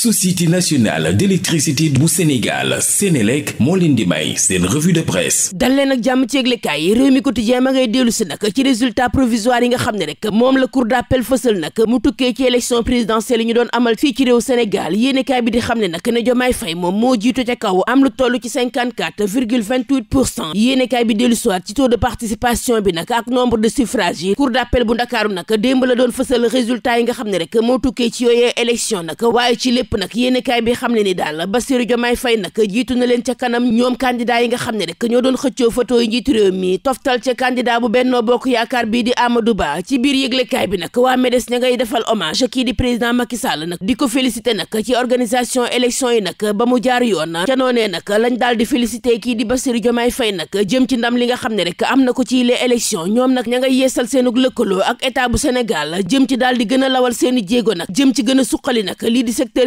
société nationale d'électricité bu Sénégal Sénélec moo leen di may seen revue de presse dal leen ak jàmm ci yëglekaay yi réew mi quotidien ma ngay dellu nag ci résultat provisoire yi nga xam ne rek moom la cour d'appel fësal nag mu tukkee ci élection présidentielle yi ñu doon amal fii ci réew Sénégal yéenekaay bi di xam ne nag ne Jomaay Fay moom moo jiitu ca kaw am lu toll ci 54 bi dellu siwaat de participation bi nag ak nombre de suffrages moo tukkee ci yépp nag yéenekaay bi xam ne ni daal Bassirou Diomaye Faye nag jiitu na leen ca kanam ñoom candidat yi nga xam ne rek ñoo doon xëccoo photo yi njiitu réew mi toftal ca candidat bu Benno Bokk Yaakaar bii di amadu baa ci biir yëglekaay bi nag waa MEDES ña ngay defal hommage kii di président Macky Sall nag di ko félicité nag ci organisation élection yi nag ba mu jaar yoon ca noonee nag lañ daal di félicité kii di Bassirou Diomaye fay nag jëm ci ndam li nga xam ne rek am na ko ci les élections ñoom nag ña ngay yeesal seenu lëkkaloo ak état bu Sénégal jëm ci daal di gën a lawal seeni jéego nag jëm ci gën a suqali nag lii di secteur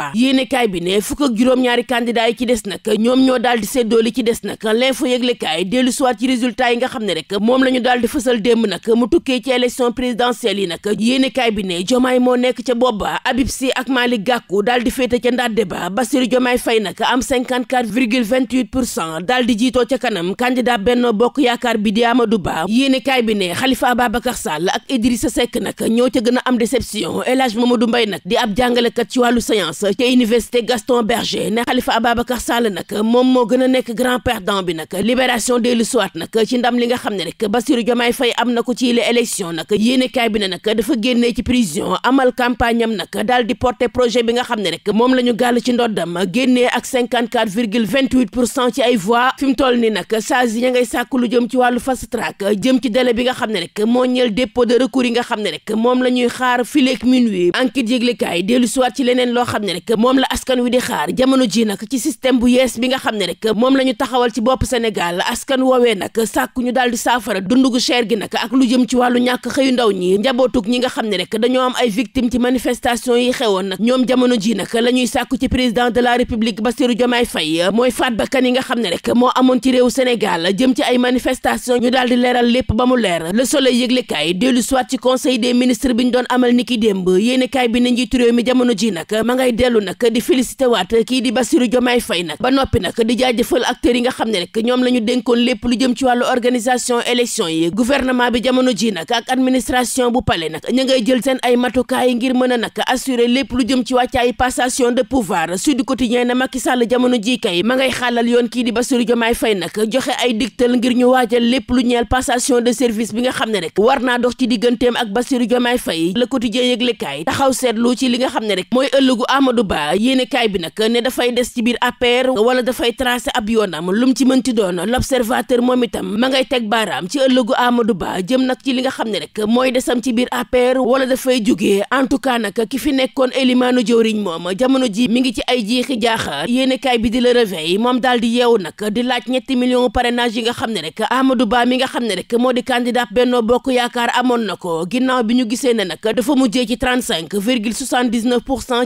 emploi yéenekaay bi ne fukk ak juróom-ñaari candidat yi ci des nag ñoom ñoo daal di séddoo li ci des nag l'info yëglekaay dellu soit ci résultat yi nga xam ne rek moom la ñu daal di fësal démb nag mu tukkee ci élection présidentielle yi nag yéenekaay bi ne jomaay moo nekk ca booba Habib Sy ak Malick Gakou daal di féete ca ndàdde ba Bassirou Diomaye Faye nag am 54 virgule 28 pour cent daal di jiitoo ca kanam candidat Benno Bokk Yaakaar bi di Amadou Ba yéenekaay bi ne Khalifa Ababacar Sall ak Idrissa Seck nag ñoo ca gën a am déception El Hadj Mamadou nag di ab jàngalekat ci wàllu science ca université Gaston Berger ne Khalifa Ababacar Sall nag moom moo gën a nekk grand perdant bi nag libération dellu lu nag ci ndam li nga xam ne rek Bassirou Diomaye Faye am na ko ci la élection nag yéenekaay bi ne nag dafa génne ci prison amal campagne nag daal di porter projet bi nga xam ne rek moom la ñu gàll ci ndoddam génnee ak cinquante quatre virgule vingt huit pour cent ci ay voix fi mu toll ni nag saa si ña ngay sàkk lu jëm ci wàllu fast track jëm ci délai bi nga ne rek moo ñeel dépôt de nga xam ne rek moom la ñuy xaar fileeg minuit enquête yëglekaay dellu soit ci leneen loo xam ne rek moom la askan wi di xaar jamono ji nag ci système bu yees bi nga xam ne rek moom la taxawal ci bopp Sénégal askan woowee nag sàkku ñu daal di saafara dund gu cher gi nag ak lu jëm ci wàllu ñàkk xëyu ndaw ñi ñi nga xam ne rek dañoo am ay victimes ci manifestation yi xewoon nag ñoom jamono ji nag la ñuy sàkku ci la république Bassirou Diomaye ne rek moo amoon ci réew Sénégal jëm ci ay manifestation ñu daal di leeral lépp ba mu leer le soleil yëglekaay dellu soit ci conseil des ministres bi ñu doon amal niki démb yéenekaay bi na njiitu réew mi jamono ji nag ma ngay dellu nag di félicité waat kii di Bassirou Diomaye Faye nag ba noppi nag di jaajëfal acteurs yi nga xam ne rek ñoom la ñu dénkoon lépp lu jëm ci wàllu organisation élection yi gouvernement bi jamono ji nag ak administration bu pale nag ñu ngay jël seen ay matukaay ngir mën a nag assurer lépp lu jëm ci wàccaay passation de pouvoir Sud Quotidien na Macky Sall jamono ji kay ma ngay xaalal yoon kii di Bassirou Diomaye Faye nag joxe ay digtal ngir ñu waajal lépp lu ñeel passation de service bi nga xam ne rek war naa dox ci digganteem ak Bassirou Diomaye Faye Le Quotidien yëglekaay taxaw seetlu ci li nga Amadou Ba yéenekaay bi nag ne dafay des ci biir APR wala dafay tracé ab yoonam lu mu ci mënti doon l'observateur moom itam ma ngay teg baaraam ci ëllëgu Amadou Ba jëm nag ci li nga xam ne rek mooy desam ci ay jiixi jaaxaar yéenekaay bi di la réveil moom daal di yeewu nag di laaj ñetti million parrainage yi nga xam ne rek Amadou Ba mi nga xam ne rek moo di candidat Benno Bokk Yaakaar amoon na ginnaaw bi ñu gisee ne nag dafa mujjee ci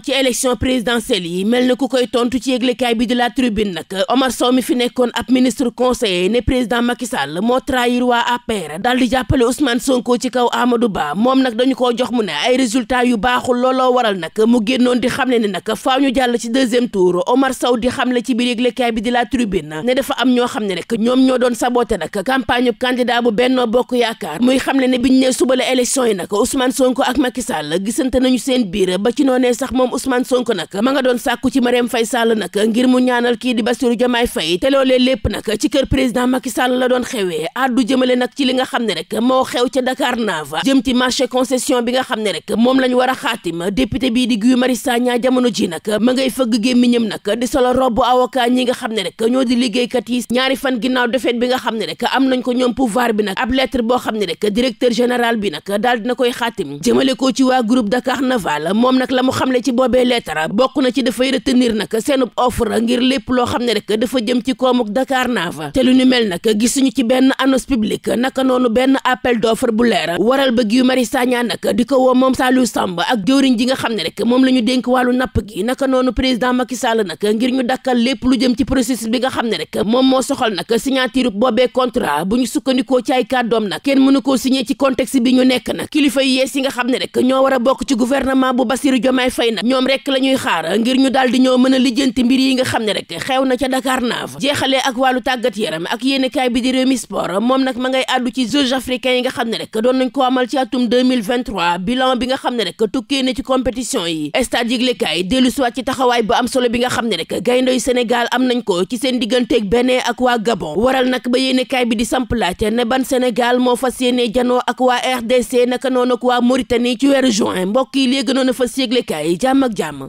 ci élection élection présidentielle yi mel na ku koy tontu ci yëglekaay bi di la tribune nag Omar Sow mi fi nekkoon ab ministre conseiller ne président Macky Sall moo trahir waa APR daal di jàppale Ousmane Sonko ci kaw Amadou Ba moom nag dañu koo jox mu ne ay résultats yu baaxul looloo waral nag mu génnoon di xam ne ne nag faaw ñu jàll ci deuxième tour Omar Sow di xam le ci biir yëglekaay bi di la tribune ne dafa am ñoo xam ne rek ñoom ñoo doon saboté nag campagne bu candidat bu Benno Bokk Yaakaar muy xam le ne biñ ne suba la élection yi nag Ousmane Sonko ak Macky Sall gisante nañu seen biir ba ci noonee sax moom Ousmane Sonko Sonko nag ma nga doon sàkku ci Marième Faye Sall nag ngir mu ñaanal kii di Bassirou Diomaye Faye te loolee lépp nag ci kër président Macky Sall la doon xewee addu jëmale nag ci li nga xam ne rek moo xew ca Dakar Nava jëm ci marché concession bi nga xam ne rek moom lañ war a xaatim député bii di Guy Marius Sagna jamono ji nag ma ngay fëgg gémmiñam nag di solo robu avocat ñi nga xam ne rek ñoo di liggéeykat yi ñaari fan ginnaaw defet bi nga xam ne rek am nañ ko ñoom pouvoir bi nag ab lettre boo xam ne rek directeur général bi nag daal dina koy xaatim jëmale ko ci waa groupe Dakar Naval moom nag la mu xamle ci boobee lettre Ouattara bokk na ci dafay retenir nag seenub offre ngir lépp loo xam ne rek dafa jëm ci koomuk Dakarnave te lu ñu mel nag gisuñu ci benn annonce publique naka noonu benn appel d'offre bu leer waral ba yu Marius Sagna nag di ko woo moom Saliou Samb ak jëwriñ ji nga xam ne rek moom la ñu dénk wàllu napp naka noonu président Macky Sall nag ngir ñu dakkal lépp lu jëm ci processus bi nga xam ne rek moom moo soxal nag signature boobee contrat bu ñu sukkandikoo ci ay kàddoom nag kenn mënu koo signé ci contexte bi ñu nekk nag kilifa yi yees yi nga xam ne rek ñoo war a bokk ci gouvernement bu Bassirou Diomaye Faye nag ñoom ñuy xaar ngir ñu daal di ñoo mën a lijjanti mbir yi nga xam ne rek xew na ca Dakar naaf jeexalee ak wàllu tàggat yaram ak yéenekaay bi di Rewmi Sport moom nag ma ngay àddu ci Jeux africains yi nga xam ne rek doon nañ ko ci atum 2023 bilan bi nga xam ne rek tukkee na ci compétition yi stade yëglekaay dellu siwaat ci taxawaay bu am solo bi nga xam ne rek gayndoy Sénégal am nañ ko ci seen digganteeg Benin ak waa waral nag ba yéenekaay bi di samp laajte ne ban Sénégal moo fa yéene janoo ak waa RDC naka noonu ak waa Mauritanie ci weeru juin mbokk yi léegi noonu fa yëglekaay jàmm ak jàmm